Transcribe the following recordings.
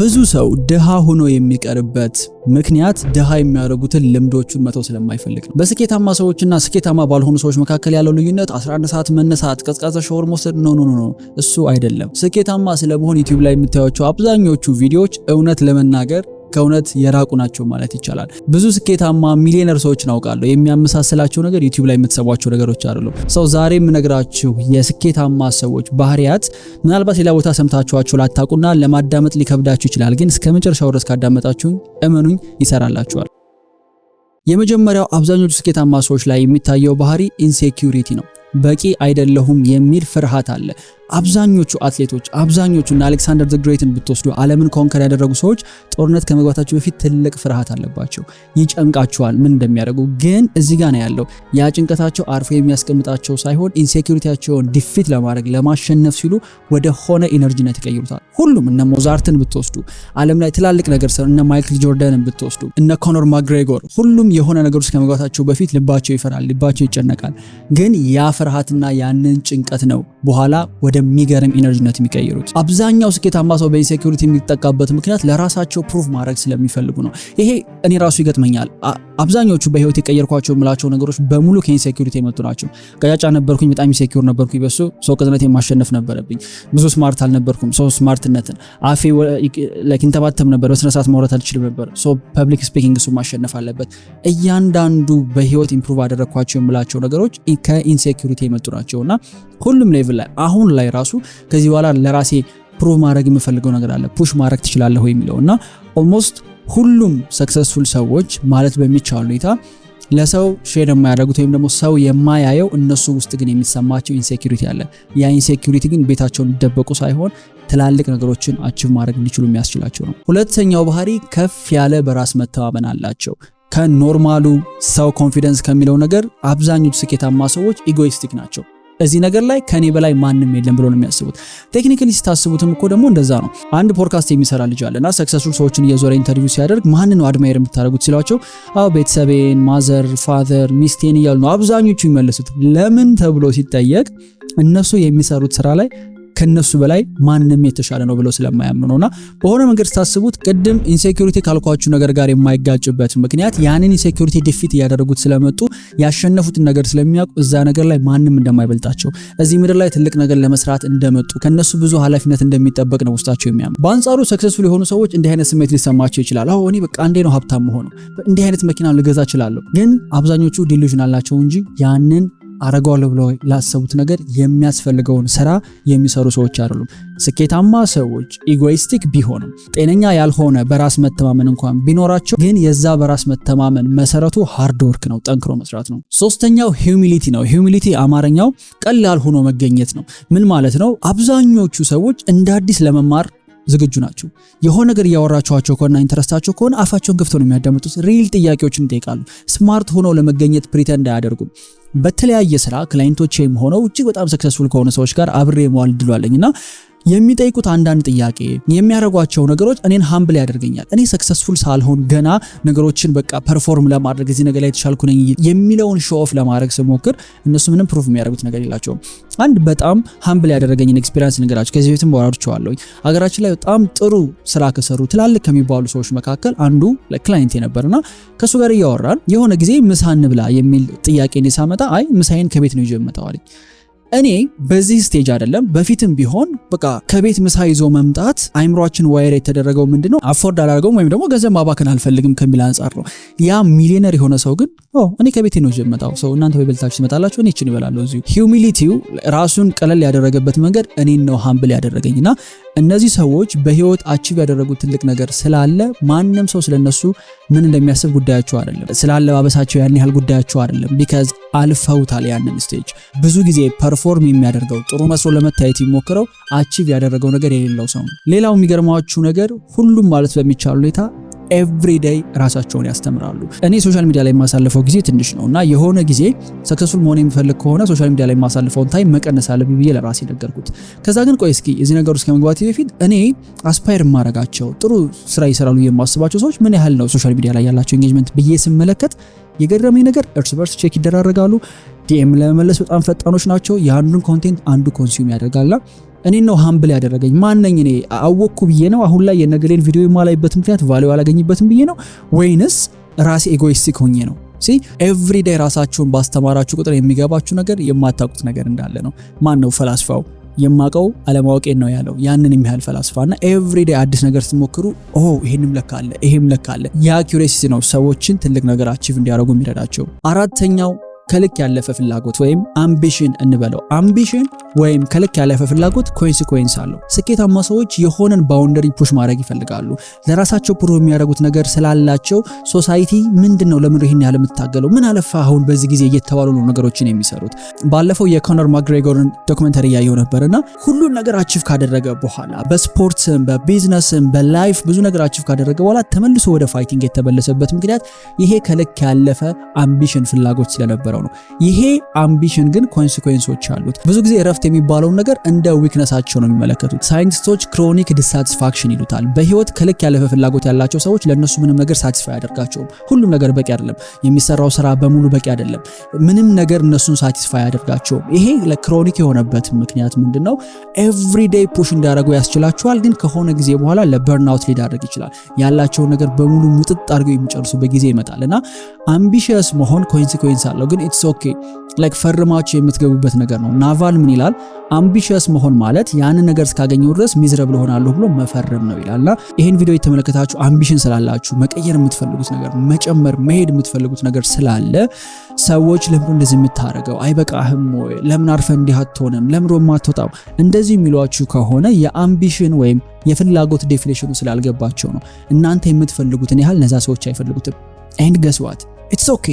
ብዙ ሰው ድሃ ሆኖ የሚቀርበት ምክንያት ድሃ የሚያደርጉትን ልምዶቹን መተው ስለማይፈልግ ነው። በስኬታማ ሰዎችና ስኬታማ ባልሆኑ ሰዎች መካከል ያለው ልዩነት 11 ሰዓት መነሳት፣ ቀዝቃዛ ሻወር መውሰድ ኖ ኖ ኖ፣ እሱ አይደለም። ስኬታማ ስለመሆን ዩቲዩብ ላይ የምታዩቸው አብዛኞቹ ቪዲዮዎች እውነት ለመናገር ከእውነት የራቁ ናቸው ማለት ይቻላል። ብዙ ስኬታማ ሚሊዮነር ሰዎች እናውቃለሁ። የሚያመሳስላቸው ነገር ዩቲዩብ ላይ የምትሰቧቸው ነገሮች አይደሉም። ሰው ዛሬ የምነግራችሁ የስኬታማ ሰዎች ባህሪያት ምናልባት ሌላ ቦታ ሰምታችኋቸው ላታውቁና ለማዳመጥ ሊከብዳችሁ ይችላል። ግን እስከ መጨረሻው ድረስ ካዳመጣችሁኝ እመኑኝ ይሰራላችኋል። የመጀመሪያው አብዛኞቹ ስኬታማ ሰዎች ላይ የሚታየው ባህሪ ኢንሴኪሪቲ ነው። በቂ አይደለሁም የሚል ፍርሃት አለ። አብዛኞቹ አትሌቶች አብዛኞቹ እና አሌክሳንደር ዘ ግሬትን ብትወስዱ ዓለምን ኮንከር ያደረጉ ሰዎች ጦርነት ከመግባታቸው በፊት ትልቅ ፍርሃት አለባቸው። ይጨንቃቸዋል፣ ምን እንደሚያደርጉ ግን እዚህ ጋር ነው ያለው። ያ ጭንቀታቸው አርፎ የሚያስቀምጣቸው ሳይሆን ኢንሴኪሪቲያቸውን ዲፊት ለማድረግ ለማሸነፍ ሲሉ ወደ ሆነ ኢነርጂነት ይቀይሩታል። ሁሉም እነ ሞዛርትን ብትወስዱ ዓለም ላይ ትላልቅ ነገር ሰሩ፣ እነ ማይክል ጆርዳንን ብትወስዱ፣ እነ ኮኖር ማግሬጎር ሁሉም የሆነ ነገር ውስጥ ከመግባታቸው በፊት ልባቸው ይፈራል፣ ልባቸው ይጨነቃል። ግን ያ ፍርሃትና ያንን ጭንቀት ነው በኋላ ወደ የሚገርም ኢነርጂነት የሚቀይሩት። አብዛኛው ስኬታማ ሰው በኢንሴኩሪቲ የሚጠቃበት ምክንያት ለራሳቸው ፕሩቭ ማድረግ ስለሚፈልጉ ነው። ይሄ እኔ ራሱ ይገጥመኛል። አብዛኛዎቹ በህይወት የቀየርኳቸው የምላቸው ነገሮች በሙሉ ከኢንሴኩሪቲ የመጡ ናቸው። ቀጫጫ ነበርኩኝ፣ በጣም ኢንሴኩር ነበርኩኝ። በሱ ሰው ቅጥነት የማሸነፍ ነበረብኝ። ብዙ ስማርት አልነበርኩም። ሰው ስማርትነትን አፌ ንተባተብ ነበር። በስነስርዓት ማውራት አልችልም ነበር። ሰው ፐብሊክ ስፒኪንግ እሱ ማሸነፍ አለበት። እያንዳንዱ በህይወት ኢምፕሩቭ አደረግኳቸው የምላቸው ነገሮች ከኢንሴኩሪቲ የመጡ ናቸው እና ሁሉም ሌቭል ላይ አሁን ላይ ላይ ራሱ ከዚህ በኋላ ለራሴ ፕሩቭ ማድረግ የምፈልገው ነገር አለ ፑሽ ማድረግ ትችላለህ የሚለው እና ኦልሞስት ሁሉም ሰክሰስፉል ሰዎች ማለት በሚቻል ሁኔታ ለሰው ሼር የማያደርጉት ወይም ደግሞ ሰው የማያየው እነሱ ውስጥ ግን የሚሰማቸው ኢንሴኪሪቲ አለ። ያ ኢንሴኪሪቲ ግን ቤታቸውን እንዲደበቁ ሳይሆን ትላልቅ ነገሮችን አችቭ ማድረግ እንዲችሉ የሚያስችላቸው ነው። ሁለተኛው ባህሪ ከፍ ያለ በራስ መተማመን አላቸው። ከኖርማሉ ሰው ኮንፊደንስ ከሚለው ነገር አብዛኞቹ ስኬታማ ሰዎች ኢጎይስቲክ ናቸው። እዚህ ነገር ላይ ከኔ በላይ ማንም የለም ብሎ ነው የሚያስቡት። ቴክኒካሊ ሲታስቡትም እኮ ደግሞ እንደዛ ነው። አንድ ፖድካስት የሚሰራ ልጅ እና ሰክሰስፉል ሰዎችን እየዞረ ኢንተርቪው ሲያደርግ ማንን ነው አድማየር የምታደርጉት ሲሏቸው፣ አዎ ቤተሰቤን፣ ማዘር፣ ፋዘር፣ ሚስቴን እያሉ ነው አብዛኞቹ የሚመለሱት ለምን ተብሎ ሲጠየቅ እነሱ የሚሰሩት ስራ ላይ ከነሱ በላይ ማንም የተሻለ ነው ብለው ስለማያምኑ ነውና በሆነ መንገድ ስታስቡት ቅድም ኢንሴኩሪቲ ካልኳችሁ ነገር ጋር የማይጋጭበት ምክንያት ያንን ኢንሴኩሪቲ ዲፊት እያደረጉት ስለመጡ ያሸነፉትን ነገር ስለሚያውቁ እዛ ነገር ላይ ማንም እንደማይበልጣቸው እዚህ ምድር ላይ ትልቅ ነገር ለመስራት እንደመጡ ከነሱ ብዙ ኃላፊነት እንደሚጠበቅ ነው ውስጣቸው የሚያምኑ። በአንጻሩ ሰክሰስፉል የሆኑ ሰዎች እንዲህ አይነት ስሜት ሊሰማቸው ይችላል። አሁ እኔ በቃ እንዴ ነው ሀብታም መሆኑ እንዲህ አይነት መኪና ልገዛ እችላለሁ። ግን አብዛኞቹ ዲሉዥናል አላቸው እንጂ ያንን አረገዋለሁ ብለው ላሰቡት ነገር የሚያስፈልገውን ስራ የሚሰሩ ሰዎች አይደሉም። ስኬታማ ሰዎች ኢጎይስቲክ ቢሆንም ጤነኛ ያልሆነ በራስ መተማመን እንኳን ቢኖራቸው ግን የዛ በራስ መተማመን መሰረቱ ሃርድ ወርክ ነው፣ ጠንክሮ መስራት ነው። ሶስተኛው ሂዩሚሊቲ ነው። ሂዩሚሊቲ አማርኛው ቀላል ሆኖ መገኘት ነው። ምን ማለት ነው? አብዛኞቹ ሰዎች እንደ አዲስ ለመማር ዝግጁ ናቸው። የሆነ ነገር እያወራችኋቸው ከሆነ ኢንተረስታቸው ከሆነ አፋቸውን ክፍቶ ነው የሚያዳምጡት። ሪል ጥያቄዎችን ይጠይቃሉ። ስማርት ሆነው ለመገኘት ፕሪተንድ አያደርጉም። በተለያየ ስራ ክላይንቶቼም ሆነው እጅግ በጣም ሰክሰስፉል ከሆነ ሰዎች ጋር አብሬ መዋል ድሏለኝ እና የሚጠይቁት አንዳንድ ጥያቄ የሚያደርጓቸው ነገሮች እኔን ሀምብል ያደርገኛል። እኔ ሰክሰስፉል ሳልሆን ገና ነገሮችን በቃ ፐርፎርም ለማድረግ እዚህ ነገር ላይ የተሻልኩ ነኝ የሚለውን ሾ ኦፍ ለማድረግ ስሞክር እነሱ ምንም ፕሩፍ የሚያደርጉት ነገር የላቸውም። አንድ በጣም ሀምብል ያደረገኝን ኤክስፒሪንስ ነገራቸው ከዚህ በፊትም ወራርቸዋለሁ። ሀገራችን ላይ በጣም ጥሩ ስራ ከሰሩ ትላልቅ ከሚባሉ ሰዎች መካከል አንዱ ክላይንት ነበርና ከእሱ ጋር እያወራን የሆነ ጊዜ ምሳ እንብላ የሚል ጥያቄ ሳመጣ አይ ምሳይን ከቤት ነው ይዤ እኔ በዚህ ስቴጅ አይደለም በፊትም ቢሆን በቃ ከቤት ምሳ ይዞ መምጣት አይምሯችን ዋይር የተደረገው ምንድነው አፎርድ አላደርገውም ወይም ደግሞ ገንዘብ ማባከን አልፈልግም ከሚል አንጻር ነው። ያ ሚሊዮነር የሆነ ሰው ግን እኔ ከቤቴ ነው የምመጣው ሰው እናንተ በበልታችሁ ትመጣላችሁ፣ እኔ ይችን ይበላለሁ። እዚሁ ሂውሚሊቲው ራሱን ቀለል ያደረገበት መንገድ እኔን ነው ሀምብል ያደረገኝ እና እነዚህ ሰዎች በህይወት አቺቭ ያደረጉት ትልቅ ነገር ስላለ ማንም ሰው ስለነሱ ምን እንደሚያስብ ጉዳያቸው አይደለም። ስለ አለባበሳቸው ያን ያህል ጉዳያቸው አይደለም። ቢካዝ አልፈውታል ያንን ስቴጅ። ብዙ ጊዜ ፐርፎርም የሚያደርገው ጥሩ መስሎ ለመታየት የሚሞክረው አቺቭ ያደረገው ነገር የሌለው ሰው ነው። ሌላው የሚገርማችሁ ነገር ሁሉም ማለት በሚቻል ሁኔታ ኤቭሪዴይ ራሳቸውን ያስተምራሉ። እኔ ሶሻል ሚዲያ ላይ የማሳልፈው ጊዜ ትንሽ ነው እና የሆነ ጊዜ ሰክሰስፉል መሆን የሚፈልግ ከሆነ ሶሻል ሚዲያ ላይ የማሳልፈውን ታይም መቀነስ አለብኝ ብዬ ለራሴ ነገርኩት። ከዛ ግን ቆይ እስኪ እዚህ ነገር ውስጥ ከመግባቴ በፊት እኔ አስፓየር የማረጋቸው ጥሩ ስራ ይሰራሉ የማስባቸው ሰዎች ምን ያህል ነው ሶሻል ሚዲያ ላይ ያላቸው ኤንጌጅመንት ብዬ ስመለከት የገረመኝ ነገር እርስ በርስ ቼክ ይደራረጋሉ። ዲኤም ለመመለስ በጣም ፈጣኖች ናቸው። የአንዱን ኮንቴንት አንዱ ኮንሱም ያደርጋልና እኔ ነው ሀምብል ያደረገኝ። ማነኝ እኔ አወቅኩ ብዬ ነው አሁን ላይ የነገሌን ቪዲዮ የማላይበት ምክንያት ቫሊዩ አላገኝበትም ብዬ ነው ወይንስ ራሴ ኤጎይስቲክ ሆኜ ነው? ሲ ኤቭሪዴይ ራሳችሁን ባስተማራችሁ ቁጥር የሚገባችሁ ነገር የማታውቁት ነገር እንዳለ ነው። ማን ነው ፈላስፋው? የማቀው አለማወቄን ነው ያለው ያንን የሚያህል ፈላስፋ እና ዴይ አዲስ ነገር ስትሞክሩ ኦ ይሄንም ለካ አለ ይሄም ለካ አለ። ያ ኪውሪሲቲ ነው ሰዎችን ትልቅ ነገር አቺቭ እንዲያደርጉ የሚረዳቸው። አራተኛው ከልክ ያለፈ ፍላጎት ወይም አምቢሽን እንበለው። አምቢሽን ወይም ከልክ ያለፈ ፍላጎት ኮንሲኮንስ አለው። ስኬታማ ሰዎች የሆነን ባውንደሪ ፑሽ ማድረግ ይፈልጋሉ። ለራሳቸው ፕሮ የሚያደርጉት ነገር ስላላቸው ሶሳይቲ ምንድን ነው ለምን ይህን ያህል የምታገለው ምን አለፋ አሁን በዚህ ጊዜ እየተባሉ ነው ነገሮችን የሚሰሩት። ባለፈው የኮነር ማግሬጎርን ዶክመንተሪ እያየው ነበር እና ሁሉን ነገር አቺቭ ካደረገ በኋላ በስፖርትም በቢዝነስም፣ በላይፍ ብዙ ነገር አቺቭ ካደረገ በኋላ ተመልሶ ወደ ፋይቲንግ የተመለሰበት ምክንያት ይሄ ከልክ ያለፈ አምቢሽን ፍላጎት ስለነበር የመጀመሪያው ነው። ይሄ አምቢሽን ግን ኮንሲኩዌንሶች አሉት። ብዙ ጊዜ እረፍት የሚባለውን ነገር እንደ ዊክነሳቸው ነው የሚመለከቱት። ሳይንቲስቶች ክሮኒክ ዲሳቲስፋክሽን ይሉታል። በህይወት ከልክ ያለፈ ፍላጎት ያላቸው ሰዎች ለእነሱ ምንም ነገር ሳቲስፋይ አያደርጋቸውም። ሁሉም ነገር በቂ አይደለም። የሚሰራው ስራ በሙሉ በቂ አይደለም። ምንም ነገር እነሱን ሳቲስፋይ አያደርጋቸውም። ይሄ ለክሮኒክ የሆነበት ምክንያት ምንድን ነው? ኤቭሪዴይ ፑሽ እንዲያደርጉ ያስችላቸዋል፣ ግን ከሆነ ጊዜ በኋላ ለበርናውት ሊዳረግ ይችላል። ያላቸውን ነገር በሙሉ ሙጥጥ አድርገው የሚጨርሱበት ጊዜ ይመጣል እና አምቢሽየስ መሆን ኮንሲኩዌንስ አለው ግን ኢትስ ኦኬ ላይክ ፈርማችሁ የምትገቡበት ነገር ነው። ናቫል ምን ይላል? አምቢሽስ መሆን ማለት ያንን ነገር እስካገኘው ድረስ ሚዝረብል ሆናለሁ ብሎ መፈረም ነው ይላልና ይህን ቪዲዮ የተመለከታችሁ አምቢሽን ስላላችሁ መቀየር የምትፈልጉት ነገር መጨመር፣ መሄድ የምትፈልጉት ነገር ስላለ ሰዎች ለምን እንደዚህ የምታደርገው አይበቃህም ወይ? ለምን አርፈ እንዲህ አትሆንም? ለምን ሮማ አትወጣም? እንደዚህ የሚሏችሁ ከሆነ የአምቢሽን ወይም የፍላጎት ዴፊኔሽኑ ስላልገባቸው ነው። እናንተ የምትፈልጉትን ያህል ነዛ ሰዎች አይፈልጉትም። ኤንድ ገስዋት ኢትስ ኦኬ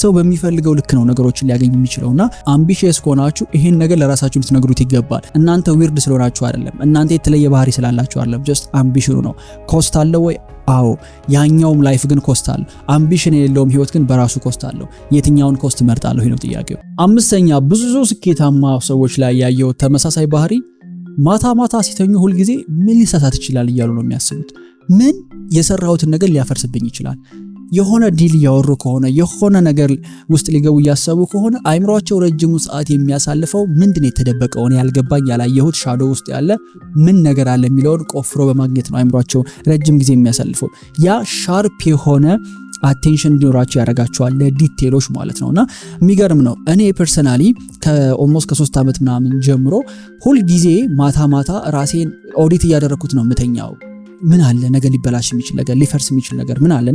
ሰው በሚፈልገው ልክ ነው ነገሮችን ሊያገኝ የሚችለውና አምቢሽየስ ከሆናችሁ ይሄን ነገር ለራሳችሁ ልትነግሩት ይገባል። እናንተ ዊርድ ስለሆናችሁ አይደለም፣ እናንተ የተለየ ባህሪ ስላላችሁ አይደለም። ጀስት አምቢሽኑ ነው። ኮስት አለው ወይ? አዎ። ያኛውም ላይፍ ግን ኮስት አለው። አምቢሽን የሌለውም ህይወት ግን በራሱ ኮስት አለው። የትኛውን ኮስት መርጣለሁ ነው ጥያቄው። አምስተኛ ብዙ ስኬታማ ሰዎች ላይ ያየው ተመሳሳይ ባህሪ ማታ ማታ ሲተኙ ሁልጊዜ ምን ሊሰሳት ይችላል እያሉ ነው የሚያስቡት። ምን የሰራሁትን ነገር ሊያፈርስብኝ ይችላል የሆነ ዲል እያወሩ ከሆነ የሆነ ነገር ውስጥ ሊገቡ እያሰቡ ከሆነ አይምሯቸው ረጅሙ ሰዓት የሚያሳልፈው ምንድን የተደበቀውን ያልገባኝ ያላየሁት ሻዶ ውስጥ ያለ ምን ነገር አለ የሚለውን ቆፍሮ በማግኘት ነው አይምሯቸው ረጅም ጊዜ የሚያሳልፈው። ያ ሻርፕ የሆነ አቴንሽን እንዲኖራቸው ያደርጋቸዋል ለዲቴሎች ማለት ነው። እና የሚገርም ነው። እኔ ፐርሰናሊ ከኦልሞስት ከሶስት ዓመት ምናምን ጀምሮ ሁልጊዜ ማታ ማታ ራሴን ኦዲት እያደረግኩት ነው የምተኛው ምን አለ ነገ ሊበላሽ የሚችል ነገር ሊፈርስ የሚችል ነገር ምን አለ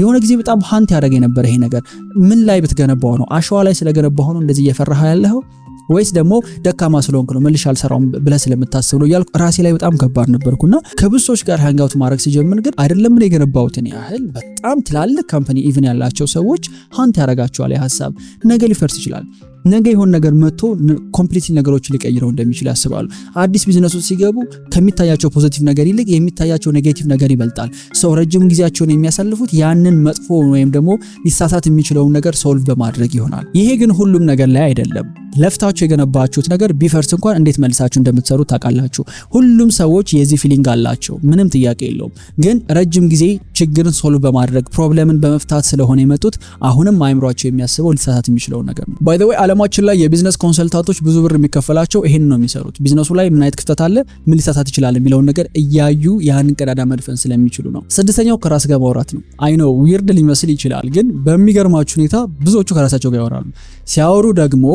የሆነ ጊዜ በጣም ሀንት ያደረገ የነበረ ይሄ ነገር ምን ላይ ብትገነባው ነው? አሸዋ ላይ ስለገነባው ነው እንደዚህ እየፈራህ ያለው ወይስ ደግሞ ደካማ ስለሆንክ ነው መልሽ አልሰራውም ብለህ ስለምታስብ ነው እያልኩ ራሴ ላይ በጣም ከባድ ነበርኩና ከብዙ ሰዎች ጋር ሃንጋውት ማድረግ ሲጀምር ግን አይደለም እኔ የገነባሁትን ያህል በጣም ትላልቅ ካምፓኒ ኢቭን ያላቸው ሰዎች ሀንት ያደርጋቸዋል ሀሳብ ነገ ሊፈርስ ይችላል ነገ የሆን ነገር መጥቶ ኮምፕሊት ነገሮች ሊቀይረው እንደሚችል ያስባሉ። አዲስ ቢዝነሱ ሲገቡ ከሚታያቸው ፖዚቲቭ ነገር ይልቅ የሚታያቸው ኔጌቲቭ ነገር ይበልጣል። ሰው ረጅም ጊዜያቸውን የሚያሳልፉት ያንን መጥፎ ወይም ደግሞ ሊሳሳት የሚችለውን ነገር ሶልቭ በማድረግ ይሆናል። ይሄ ግን ሁሉም ነገር ላይ አይደለም። ለፍታችሁ የገነባችሁት ነገር ቢፈርስ እንኳን እንዴት መልሳችሁ እንደምትሰሩ ታውቃላችሁ። ሁሉም ሰዎች የዚህ ፊሊንግ አላቸው፣ ምንም ጥያቄ የለውም። ግን ረጅም ጊዜ ችግርን ሶልቭ በማድረግ ፕሮብለምን በመፍታት ስለሆነ የመጡት አሁንም አይምሯቸው የሚያስበው ሊሳሳት የሚችለውን ነገር ነው። ዓለማችን ላይ የቢዝነስ ኮንሰልታንቶች ብዙ ብር የሚከፈላቸው ይሄን ነው የሚሰሩት። ቢዝነሱ ላይ ምን አይነት ክፍተት አለ፣ ምን ሊሳሳት ይችላል የሚለውን ነገር እያዩ ያንን ቀዳዳ መድፈን ስለሚችሉ ነው። ስድስተኛው ከራስ ጋር ማውራት ነው። ነው ዊርድ ሊመስል ይችላል፣ ግን በሚገርማችሁ ሁኔታ ብዙዎቹ ከራሳቸው ጋር ያወራሉ። ሲያወሩ ደግሞ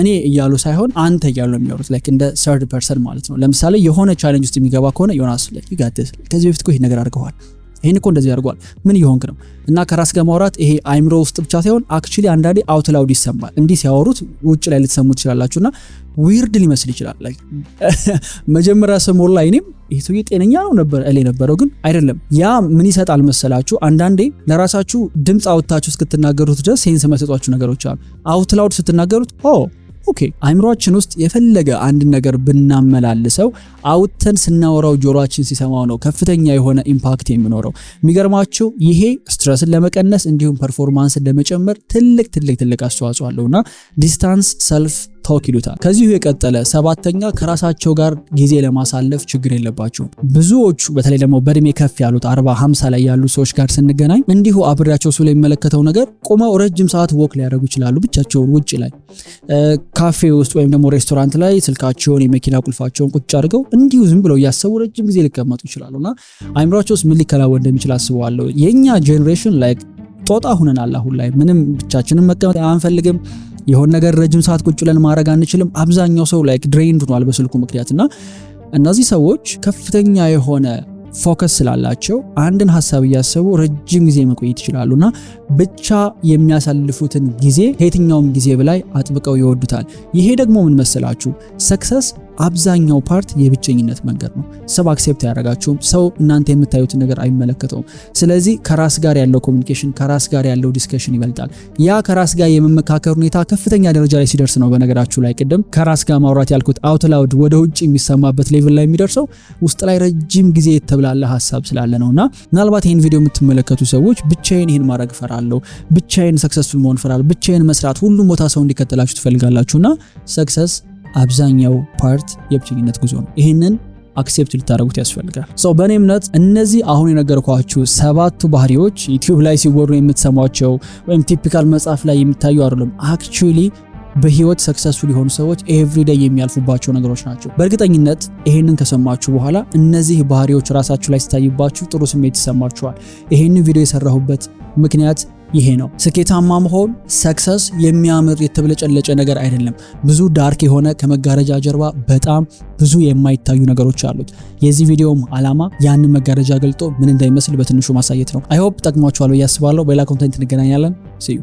እኔ እያሉ ሳይሆን አንተ እያሉ ነው የሚኖሩት። ላይክ እንደ ሰርድ ፐርሰን ማለት ነው። ለምሳሌ የሆነ ቻሌንጅ ውስጥ የሚገባ ከሆነ ዮናስ ከዚህ በፊት ይህ ይሄ ነገር አድርገዋል ይህን እኮ እንደዚህ አድርጓል፣ ምን እየሆንክ ነው? እና ከራስ ጋር ማውራት ይሄ አይምሮ ውስጥ ብቻ ሳይሆን አክቹሊ አንዳንዴ አውት ላውድ ይሰማል። እንዲህ ሲያወሩት ውጭ ላይ ልትሰሙ ትችላላችሁ። እና ዊርድ ሊመስል ይችላል። መጀመሪያ ሰሞን ላይ እኔም ይህ ሰውዬ ጤነኛ ነው ነበር እላ የነበረው ግን አይደለም። ያ ምን ይሰጣል መሰላችሁ? አንዳንዴ ለራሳችሁ ድምፅ አውጥታችሁ እስክትናገሩት ድረስ ሴንስ መስጧችሁ ነገሮች አሉ። አውት ላውድ ስትናገሩት ኦኬ አይምሯችን ውስጥ የፈለገ አንድ ነገር ብናመላልሰው አውጥተን ስናወራው ጆሮችን ሲሰማው ነው ከፍተኛ የሆነ ኢምፓክት የሚኖረው። የሚገርማችሁ ይሄ ስትረስን ለመቀነስ እንዲሁም ፐርፎርማንስን ለመጨመር ትልቅ ትልቅ ትልቅ አስተዋጽኦ አለውና ዲስታንስ ሰልፍ ታውክ ይሉታል። ከዚሁ የቀጠለ ሰባተኛ ከራሳቸው ጋር ጊዜ ለማሳለፍ ችግር የለባቸውም። ብዙዎቹ በተለይ ደግሞ በእድሜ ከፍ ያሉት አርባ ሃምሳ ላይ ያሉ ሰዎች ጋር ስንገናኝ እንዲሁ አብሬያቸው ስለ የሚመለከተው ነገር ቆመው ረጅም ሰዓት ወክ ሊያደርጉ ይችላሉ ብቻቸውን ውጭ ላይ ካፌ ውስጥ ወይም ደግሞ ሬስቶራንት ላይ ስልካቸውን የመኪና ቁልፋቸውን ቁጭ አድርገው እንዲሁ ዝም ብለው እያሰቡ ረጅም ጊዜ ሊቀመጡ ይችላሉ እና አይምሯቸው ውስጥ ምን ሊከላወ እንደሚችል አስበዋለሁ። የእኛ ጄኔሬሽን ላይ ጦጣ ሁነናል። አሁን ላይ ምንም ብቻችንም መቀመጥ አንፈልግም። የሆን ነገር ረጅም ሰዓት ቁጭ ብለን ማድረግ አንችልም። አብዛኛው ሰው ላይክ ድሬንድ ሆኗል በስልኩ ምክንያት እና እነዚህ ሰዎች ከፍተኛ የሆነ ፎከስ ስላላቸው አንድን ሀሳብ እያሰቡ ረጅም ጊዜ መቆየት ይችላሉ እና ብቻ የሚያሳልፉትን ጊዜ ከየትኛውም ጊዜ በላይ አጥብቀው ይወዱታል። ይሄ ደግሞ ምን መሰላችሁ ሰክሰስ አብዛኛው ፓርት የብቸኝነት መንገድ ነው። ሰው አክሴፕት አያደርጋችሁም። ሰው እናንተ የምታዩትን ነገር አይመለከተውም። ስለዚህ ከራስ ጋር ያለው ኮሚኒኬሽን፣ ከራስ ጋር ያለው ዲስከሽን ይበልጣል። ያ ከራስ ጋር የመመካከር ሁኔታ ከፍተኛ ደረጃ ላይ ሲደርስ ነው በነገራችሁ ላይ ቅድም ከራስ ጋር ማውራት ያልኩት አውትላውድ ወደ ውጭ የሚሰማበት ሌቭል ላይ የሚደርሰው ውስጥ ላይ ረጅም ጊዜ የተብላለ ሀሳብ ስላለ ነው እና ምናልባት ይህን ቪዲዮ የምትመለከቱ ሰዎች ብቻዬን ይህን ማድረግ እፈራለሁ፣ ብቻዬን ሰክሰስፉል መሆን እፈራለሁ፣ ብቻዬን መስራት ሁሉም ቦታ ሰው እንዲከተላችሁ እና ሰክሰስ አብዛኛው ፓርት የብቸኝነት ጉዞ ነው። ይህንን አክሴፕት ልታደረጉት ያስፈልጋል። ሰው በእኔ እምነት እነዚህ አሁን የነገርኳችሁ ሰባቱ ባህሪዎች ዩቲዩብ ላይ ሲወሩ የምትሰሟቸው ወይም ቲፒካል መጽሐፍ ላይ የሚታዩ አይደሉም። አክቹሊ በህይወት ሰክሰስፉል የሆኑ ሰዎች ኤቭሪዴይ የሚያልፉባቸው ነገሮች ናቸው። በእርግጠኝነት ይሄንን ከሰማችሁ በኋላ እነዚህ ባህሪዎች ራሳችሁ ላይ ሲታይባችሁ ጥሩ ስሜት ይሰማችኋል። ይሄንን ቪዲዮ የሰራሁበት ምክንያት ይሄ ነው። ስኬታማ መሆን ሰክሰስ የሚያምር የተብለጨለጨ ነገር አይደለም። ብዙ ዳርክ የሆነ ከመጋረጃ ጀርባ በጣም ብዙ የማይታዩ ነገሮች አሉት። የዚህ ቪዲዮም ዓላማ ያንን መጋረጃ ገልጦ ምን እንደሚመስል በትንሹ ማሳየት ነው። አይሆፕ ጠቅሟችኋለሁ አስባለሁ በሌላ ኮንቴንት እንገናኛለን። ሲዩ